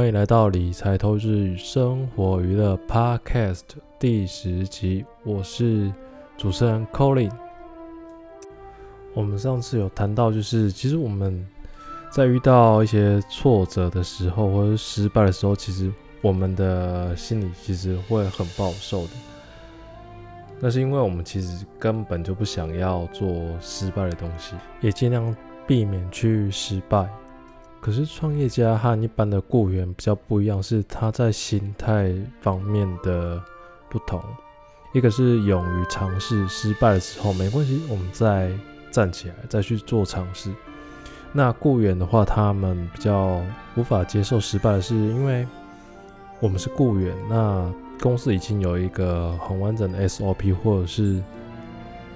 歡迎來到理財投資與生活娛樂 Podcast 第十集，我是主持人 Colin。我們上次有談到，就是其實我們在遇到一些挫折的時候，或者失敗的時候，其實我們的心裡其實會很不好受的。那是因為我們其實根本就不想要做失敗的東西，也盡量避免去失敗。可是，創業家和一般的雇員比較不一樣，是他在心態方面的不同。一個是勇於嘗試，失敗的時候沒關係，我們再站起來，再去做嘗試。那雇員的話，他們比較無法接受失敗，是因為我們是雇員，那公司已經有一個很完整的 SOP，或者是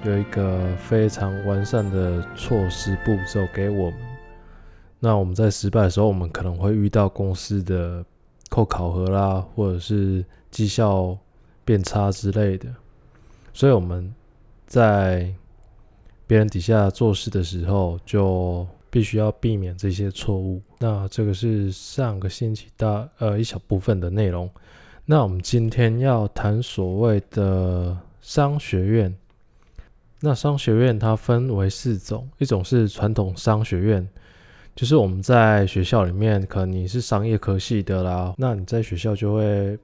有一個非常完善的措施步驟給我們。那我們在失敗的時候，我們可能會遇到公司的扣考核啦，或者是績效變差之類的。所以我們在別人底下做事的時候，就必須要避免這些錯誤。那這個是上個星期大呃一小部分的內容。那我們今天要談所謂的商學院。那商學院它分為四種，一種是傳統商學院。就是我們在學校裡面，可能你是商業科系的啦，那你在學校就會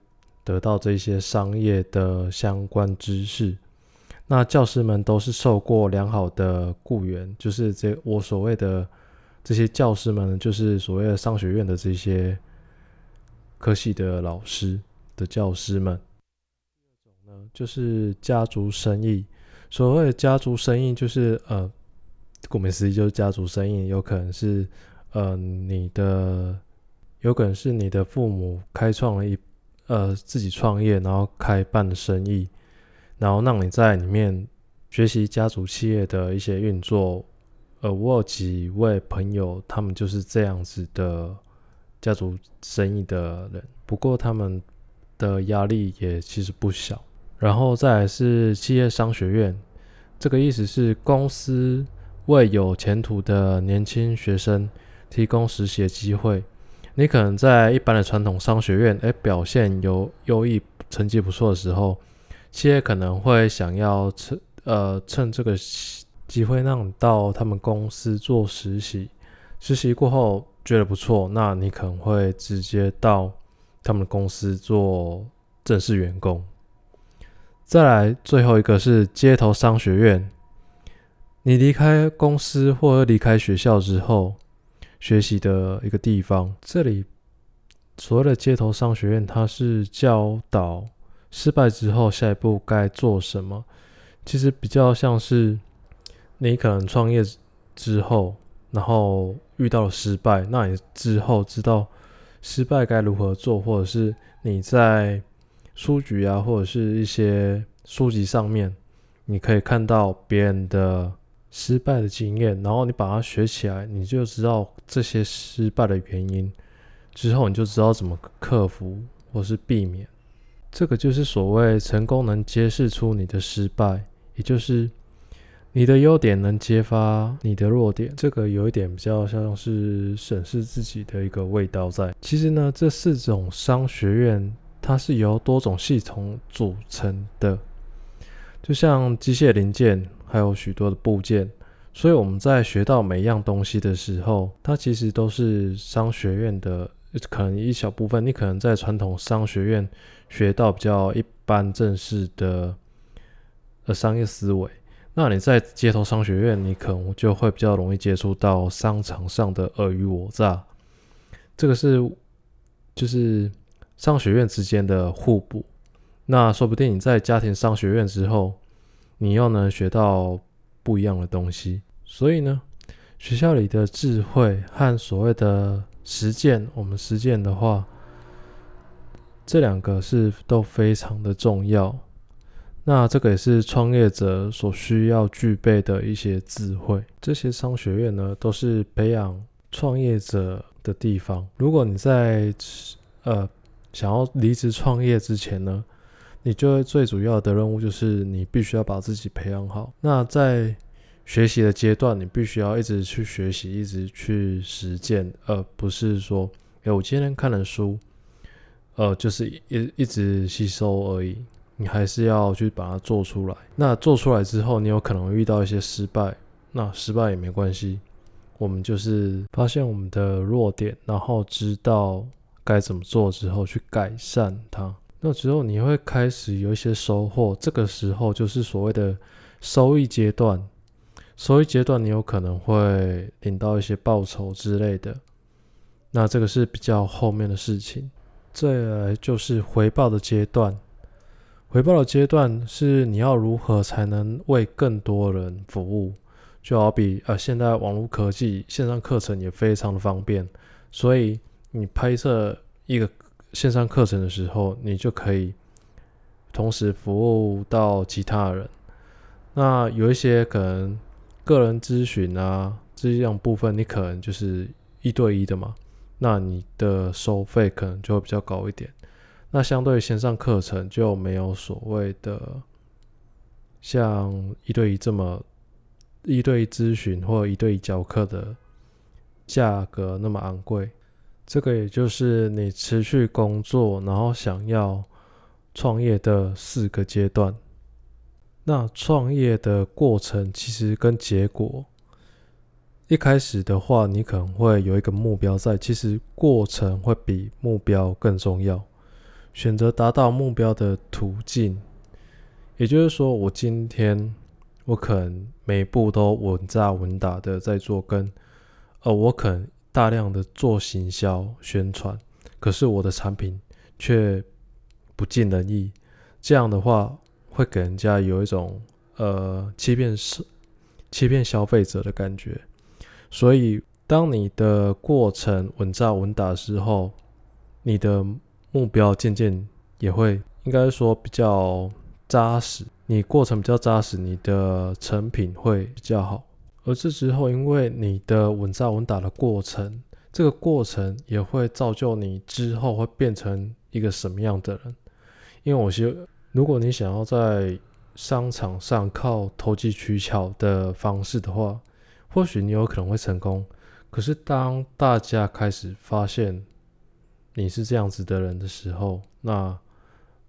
得到這些商業的相關知識。那教師們都是受過良好的雇員，就是這我所謂的這些教師們，就是所謂的商學院的這些科系的老師的教師們。第二種呢，就是家族生意。所謂的家族生意，就是呃。顧名思義，就是家族生意，有可能是，呃，你的，有可能是你的父母開創了一，呃，自己創業，然後開辦的生意，然後讓你在裡面學習家族企業的一些運作。呃，我有幾位朋友，他們就是這樣子的家族生意的人，不過他們的壓力也其實不小。然後再來是企業商學院，這個意思是公司。為有前途的年輕學生提供實習的機會。你可能在一般的傳統商學院，哎，表現有優異成績不錯的時候，企業可能會想要趁，呃，趁這個機會讓你到他們公司做實習。實習過後覺得不錯，那你可能會直接到他們公司做正式員工。再來，最後一個是街頭商學院。你離開公司或離開學校之後，學習的一個地方，這裡所謂的街頭商學院，它是教導失敗之後下一步該做什麼。其實比較像是你可能創業之後，然後遇到了失敗，那你之後知道失敗該如何做，或者是你在書局啊，或者是一些書籍上面，你可以看到別人的失敗的經驗，然後你把它學起來，你就知道這些失敗的原因，之後你就知道怎麼克服或是避免。這個就是所謂成功能揭示出你的失敗，也就是你的優點能揭發你的弱點。這個有一點比較像是審視自己的一個味道在。其實呢，這四種商學院它是由多種系統組成的，就像機械零件。還有許多的部件，所以我們在學到每一樣東西的時候，它其實都是商學院的可能一小部分。你可能在傳統商學院學到比較一般正式的，的商業思維，那你在街頭商學院，你可能就會比較容易接觸到商場上的爾虞我詐。這個是就是商學院之間的互補。那說不定你在家庭商學院之後。你又能學到不一樣的東西，所以呢，學校裡的智慧和所謂的實踐，我們實踐的話，這兩個是都非常的重要。那這個也是創業者所需要具備的一些智慧。這些商學院呢，都是培養創業者的地方。如果你在，呃，想要離職創業之前呢，你就最主要的任務就是，你必須要把自己培養好。那在學習的階段，你必須要一直去學習，一直去實踐，而不是說，哎，我今天看了書，呃，就是一一直吸收而已。你還是要去把它做出來。那做出來之後，你有可能遇到一些失敗，那失敗也沒關係，我們就是發現我們的弱點，然後知道該怎麼做之後，去改善它。那之後你會開始有一些收穫，這個時候就是所謂的收益階段。收益階段，你有可能會領到一些報酬之類的。那這個是比較後面的事情，再來就是回報的階段。回報的階段是你要如何才能為更多人服務？就好比啊、呃、現在網絡科技、線上課程也非常的方便，所以你拍攝一個線上課程的時候，你就可以同時服務到其他人。那有一些可能個人諮詢啊，這樣部分你可能就是一對一的嘛。那你的收費可能就會比較高一點。那相對於線上課程就沒有所謂的像一對一這麼一對一諮詢或者一對一教課的價格那麼昂貴。這個也就是你持續工作，然後想要創業的四個階段。那創業的過程其實跟結果，一開始的話，你可能會有一個目標在，其實過程會比目標更重要。選擇達到目標的途徑，也就是說，我今天我可能每一步都穩扎穩打的在做跟，跟呃我可能。大量的做行銷宣傳，可是我的產品卻不盡人意，這樣的話會給人家有一種呃欺騙是欺騙消費者的感覺。所以，當你的過程穩扎穩打的時候，你的目標漸漸也會，應該說比較扎實。你過程比較扎實，你的成品會比較好。而這之後，因為你的穩紮穩打的過程，這個過程也會造就你之後會變成一個什麼樣的人。因為我希望，如果你想要在商場上靠投機取巧的方式的話，或許你有可能會成功。可是當大家開始發現你是這樣子的人的時候，那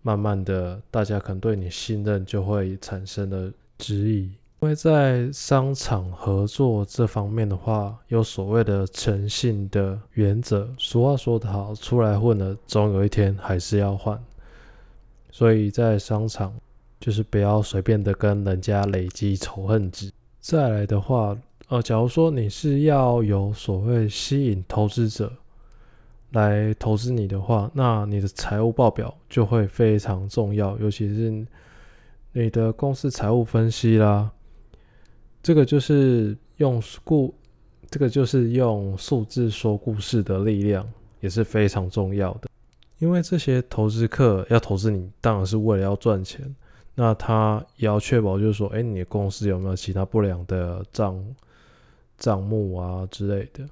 慢慢的大家可能對你信任就會產生了質疑。因為在商場合作這方面的話，有所謂的誠信的原則。俗話說得好，出來混的，總有一天還是要還。所以在商場，就是不要隨便的跟人家累積仇恨值。再來的話，呃，假如說你是要有所謂吸引投資者來投資你的話，那你的財務報表就會非常重要，尤其是你的公司財務分析啦。這個就是用故，這個就是用數字說故事的力量也是非常重要的。因為這些投資客要投資你，當然是為了要賺錢。那他也要確保，就是說，哎，你的公司有沒有其他不良的賬賬目啊之類的？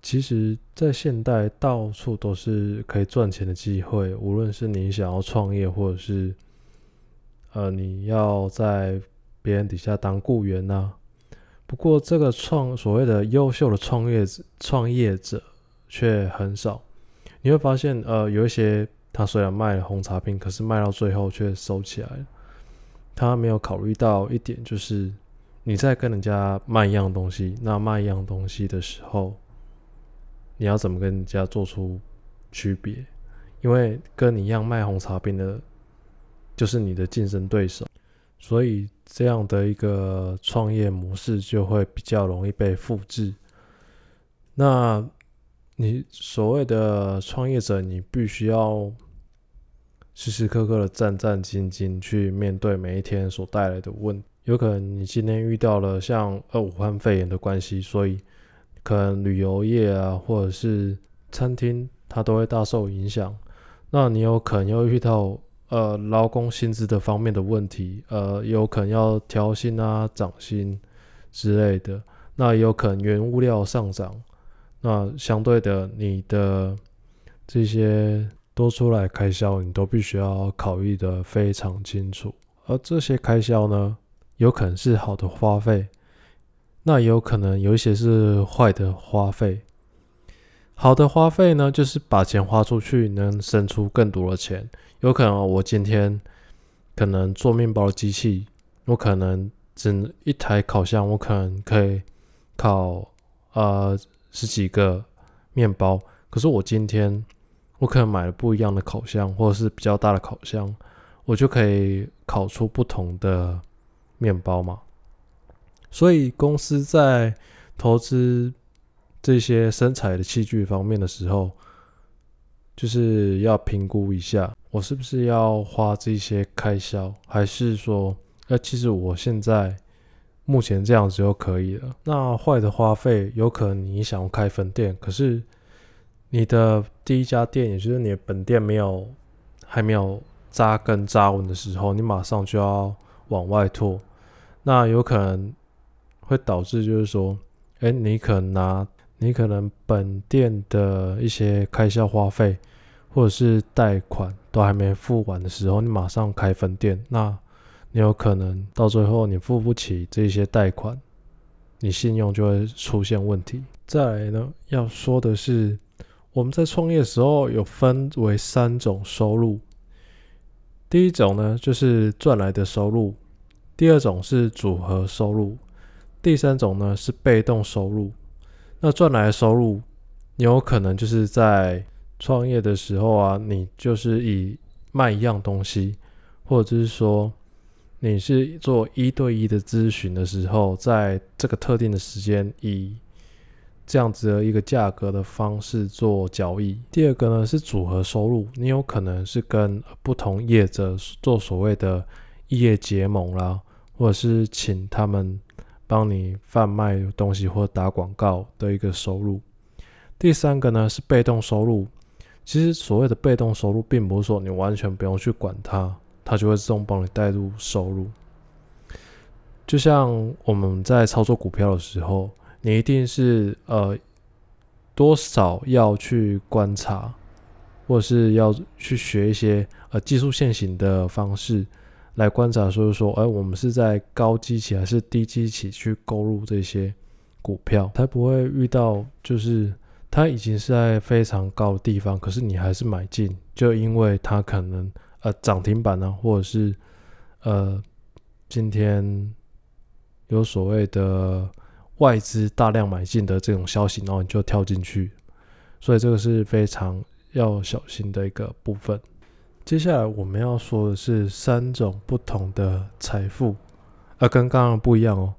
其實，在現代，到處都是可以賺錢的機會，無論是你想要創業，或者是呃，你要在。別人底下當僱員吶、啊，不過這個創所謂的優秀的創業者，創業者卻很少。你會發現，呃，有一些他雖然賣了紅茶冰，可是賣到最後卻收起來了。他沒有考慮到一點，就是你在跟人家賣一樣東西，那賣一樣東西的時候，你要怎麼跟人家做出區別？因為跟你一樣賣紅茶冰的，就是你的競爭對手。所以這樣的一個創業模式就會比較容易被複製。那你所謂的創業者，你必須要時時刻刻的戰戰兢兢去面對每一天所帶來的問題。有可能你今天遇到了像二五漢肺炎的關係，所以可能旅遊業啊，或者是餐廳，它都會大受影響。那你有可能又遇到。呃，勞工薪資的方面的問題，呃，有可能要調薪啊、漲薪之類的。那也有可能原物料上漲，那相對的，你的這些多出來開銷，你都必須要考慮的非常清楚。而這些開銷呢，有可能是好的花費，那也有可能有一些是壞的花費。好的花費呢，就是把錢花出去，能生出更多的錢。有可能我今天可能做面包的機器，我可能只能一台烤箱，我可能可以烤呃十幾個麵包。可是我今天我可能買了不一樣的烤箱，或者是比較大的烤箱，我就可以烤出不同的面包嘛。所以公司在投資這些生產的器具方面的時候，就是要評估一下。我是不是要花這些開銷，還是說，哎、欸，其實我現在目前這樣子就可以了？那壞的花費，有可能你想要開分店，可是你的第一家店，也就是你的本店沒有還沒有扎根扎穩的時候，你馬上就要往外拓，那有可能會導致就是說，哎、欸，你可能拿你可能本店的一些開銷花費，或者是貸款。都還沒付完的時候，你馬上開分店，那你有可能到最後你付不起這些貸款，你信用就會出現問題。再來呢，要說的是，我們在創業的時候有分為三種收入，第一種呢就是賺來的收入，第二種是組合收入，第三種呢是被動收入。那賺來的收入，你有可能就是在。創業的時候啊，你就是以賣一樣東西，或者是說你是做一對一的諮詢的時候，在這個特定的時間以這樣子的一個價格的方式做交易。第二個呢，是組合收入，你有可能是跟不同業者做所謂的業，業結盟啦，或者是請他們幫你販賣東西或打廣告的一個收入。第三個呢，是被動收入。其實所謂的被動收入，並不是說你完全不用去管它，它就會自動幫你帶入收入。就像我們在操作股票的時候，你一定是呃多少要去觀察，或是要去學一些呃技術線型的方式來觀察，所以說，哎、呃，我們是在高基期還是低基期去購入這些股票，才不會遇到就是。它已經是在非常高的地方，可是你還是買進，就因為它可能呃漲停板呢、啊，或者是呃今天有所謂的外資大量買進的這種消息，然後你就跳進去，所以這個是非常要小心的一個部分。接下來我們要說的是三種不同的財富，啊、呃，跟剛剛不一樣哦，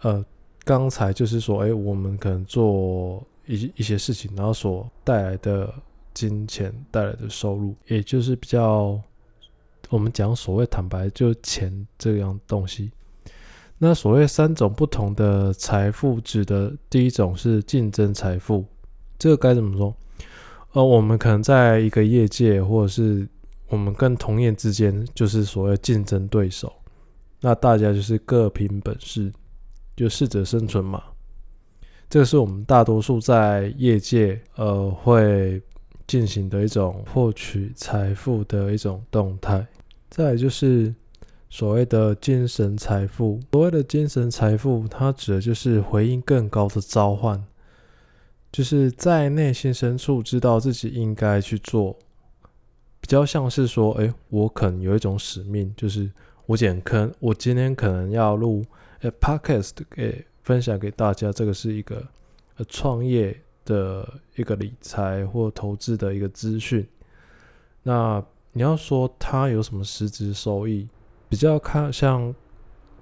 呃，剛才就是說，哎，我們可能做。一一些事情，然後所帶來的金錢帶來的收入，也就是比較我們講所謂坦白，就錢這樣東西。那所謂三種不同的財富，指的第一種是競爭財富，這個該怎麼說？呃，我們可能在一個業界，或者是我們跟同業之間，就是所謂競爭對手，那大家就是各憑本事，就適者生存嘛。這是我們大多數在業界呃會進行的一種獲取財富的一種動態。再來就是所謂的精神財富，所謂的精神財富，它指的就是回應更高的召喚，就是在內心深處知道自己應該去做。比較像是說，哎、欸，我可能有一種使命，就是我撿坑，我今天可能要錄哎，podcast 給、欸。分享給大家，這個是一個呃創業的一個理財或投資的一個資訊。那你要說它有什麼實質收益？比較看像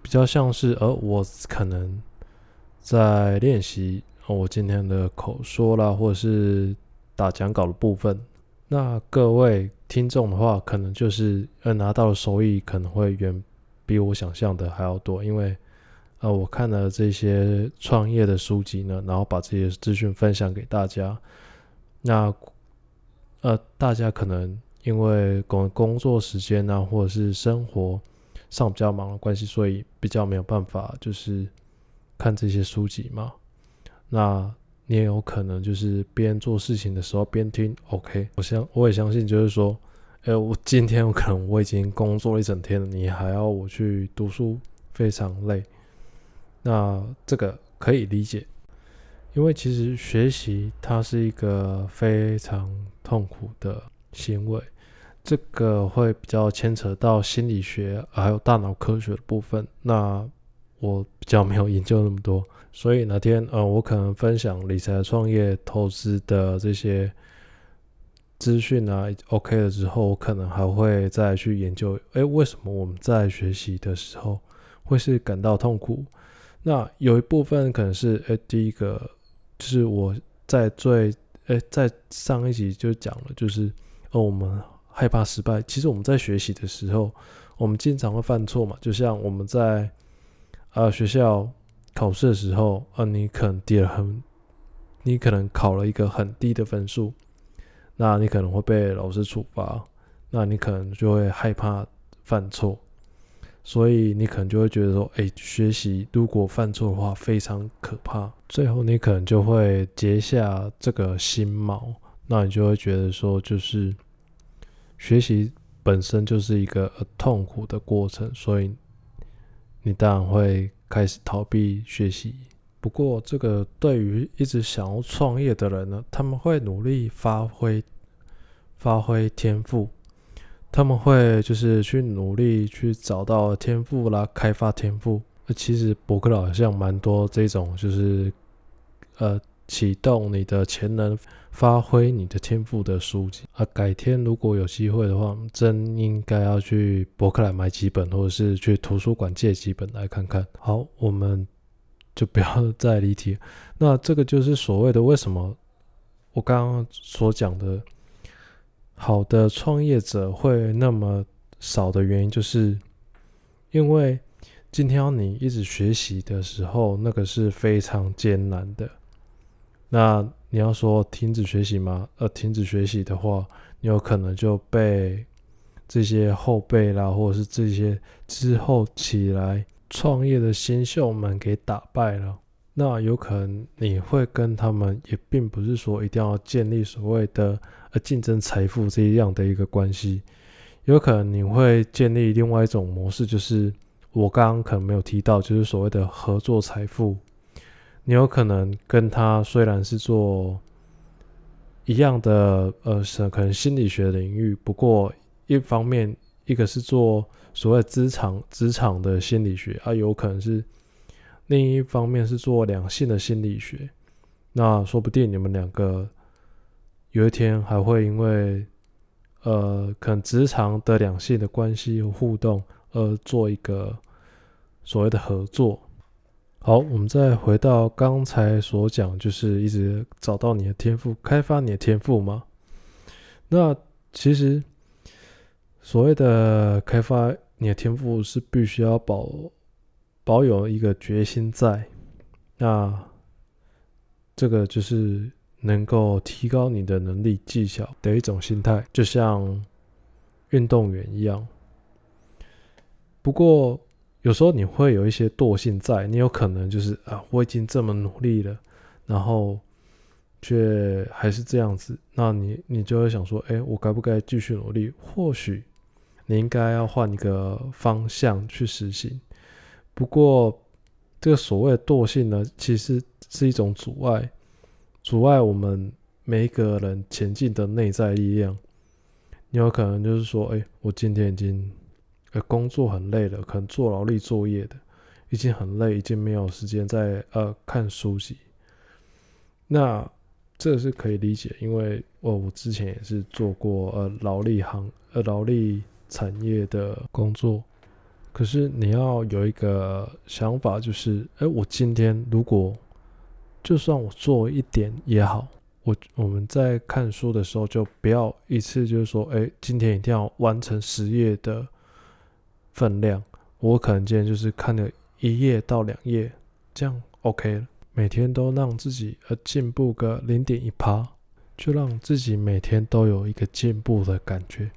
比較像是，呃，我可能在練習我今天的口說啦，或者是打講稿的部分。那各位聽眾的話，可能就是呃拿到的收益可能會遠比我想象的還要多，因為。呃，我看了這些創業的書籍呢，然後把這些資訊分享給大家。那呃，大家可能因為工工作時間啊，或者是生活上比較忙的關係，所以比較沒有辦法就是看這些書籍嘛。那你也有可能就是邊做事情的時候邊聽。OK，我相我也相信就是說，哎、欸，我今天我可能我已經工作了一整天了，你還要我去讀書，非常累。那這個可以理解，因為其實學習它是一個非常痛苦的行為，這個會比較牽扯到心理學還有大腦科學的部分。那我比較沒有研究那麼多，所以哪天呃我可能分享理財、創業、投資的這些資訊啊，OK 了之後，我可能還會再去研究，哎，為什麼我們在學習的時候會是感到痛苦？那有一部分可能是，哎、欸，第一個就是我在最，哎、欸，在上一集就講了，就是，哦，我們害怕失敗。其實我們在學習的時候，我們經常會犯錯嘛。就像我們在，呃，學校考試的時候，啊，呃，你可能跌了很，你可能考了一個很低的分數，那你可能會被老師處罰，那你可能就會害怕犯錯。所以你可能就會覺得說，哎、欸，學習如果犯錯的話非常可怕，最後你可能就會結下這個心錨，那你就會覺得說，就是學習本身就是一個痛苦的過程，所以你當然會開始逃避學習。不過，這個對於一直想要創業的人呢，他們會努力發揮，發揮天賦。他們會就是去努力去找到天賦啦，開發天賦。其實博客來好像蠻多這種，就是呃啟動你的潛能，發揮你的天賦的書籍啊、呃。改天如果有機會的話，真應該要去博客來買幾本，或者是去圖書館借幾本來看看。好，我們就不要再離題。那這個就是所謂的為什麼我剛剛所講的。好的創業者會那麼少的原因，就是因為今天要你一直學習的時候，那個是非常艱難的。那你要說停止學習嗎？呃，停止學習的話，你有可能就被這些後輩啦，或者是這些之後起來創業的新秀們給打敗了。那有可能你會跟他們，也並不是說一定要建立所謂的。競爭財富這一樣的一個關係，有可能你會建立另外一種模式，就是我剛剛可能沒有提到，就是所謂的合作財富。你有可能跟他雖然是做一樣的，呃，可能心理學領域，不過一方面一個是做所謂職場職場的心理學，啊，有可能是另一方面是做兩性的心理學，那說不定你們兩個。有一天還會因為，呃，可能職場的兩性的關係和互動而做一個所謂的合作。好，我們再回到剛才所講，就是一直找到你的天賦，開發你的天賦嘛。那其實所謂的開發你的天賦，是必須要保保有一個決心在。那這個就是。能夠提高你的能力技巧的一種心態，就像運動員一樣。不過，有時候你會有一些惰性在，你有可能就是啊，我已經這麼努力了，然後卻還是這樣子，那你你就會想說，哎、欸，我該不該繼續努力？或許你應該要換一個方向去實行。不過，這個所謂的惰性呢，其實是一種阻礙。阻礙我們每一個人前進的內在力量，你有可能就是說，哎，我今天已經呃工作很累了，可能做勞力作業的，已經很累，已經沒有時間再呃看書籍。那這是可以理解，因為哦、呃，我之前也是做過呃勞力行呃勞力產業的工作。可是你要有一個想法，就是哎，我今天如果。就算我做一點也好，我我們在看書的時候就不要一次就是說，哎，今天一定要完成十頁的分量。我可能今天就是看了一頁到兩頁，這樣 OK 了。每天都讓自己呃進步個零點一趴，就讓自己每天都有一個進步的感覺。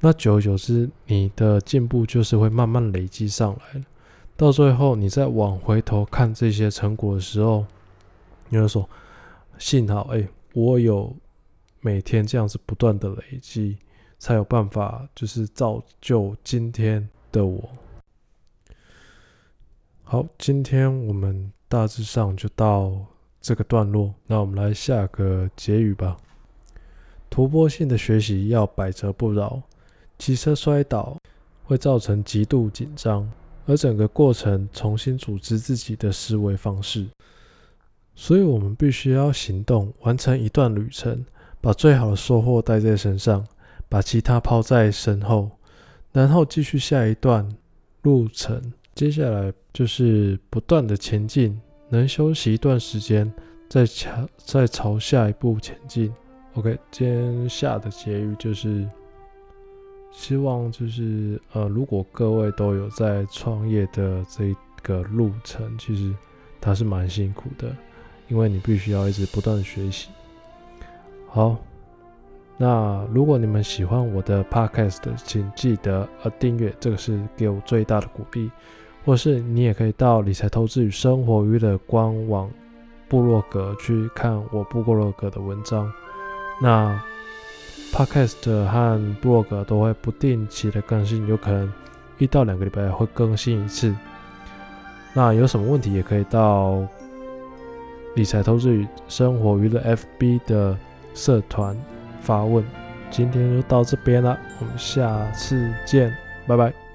那久而久之，你的進步就是會慢慢累積上來了，到最後，你再往回頭看這些成果的時候。你就說，幸好哎，我有每天這樣子不斷的累積，才有辦法就是造就今天的我。好，今天我們大致上就到這個段落，那我們來下個結語吧。突破性的學習要百折不撓，騎車摔倒會造成極度緊張，而整個過程重新組織自己的思維方式。所以，我們必須要行動，完成一段旅程，把最好的收穫帶在身上，把其他拋在身後，然後繼續下一段路程。接下來就是不斷的前進，能休息一段時間再，再朝再朝下一步前進。OK，今天下的結語就是，希望就是呃，如果各位都有在創業的這個路程，其實它是蠻辛苦的。因為你必須要一直不斷的學習。好，那如果你們喜歡我的 podcast，請記得呃訂閱，這個是給我最大的鼓勵。或是你也可以到理財投資與生活娛樂的官網部落格去看我部落格的文章。那 podcast 和部落格都會不定期的更新，有可能一到兩個禮拜會更新一次。那有什麼問題也可以到。理財投資與生活娛樂 FB 的社團發問，今天就到這邊了，我們下次見，拜拜。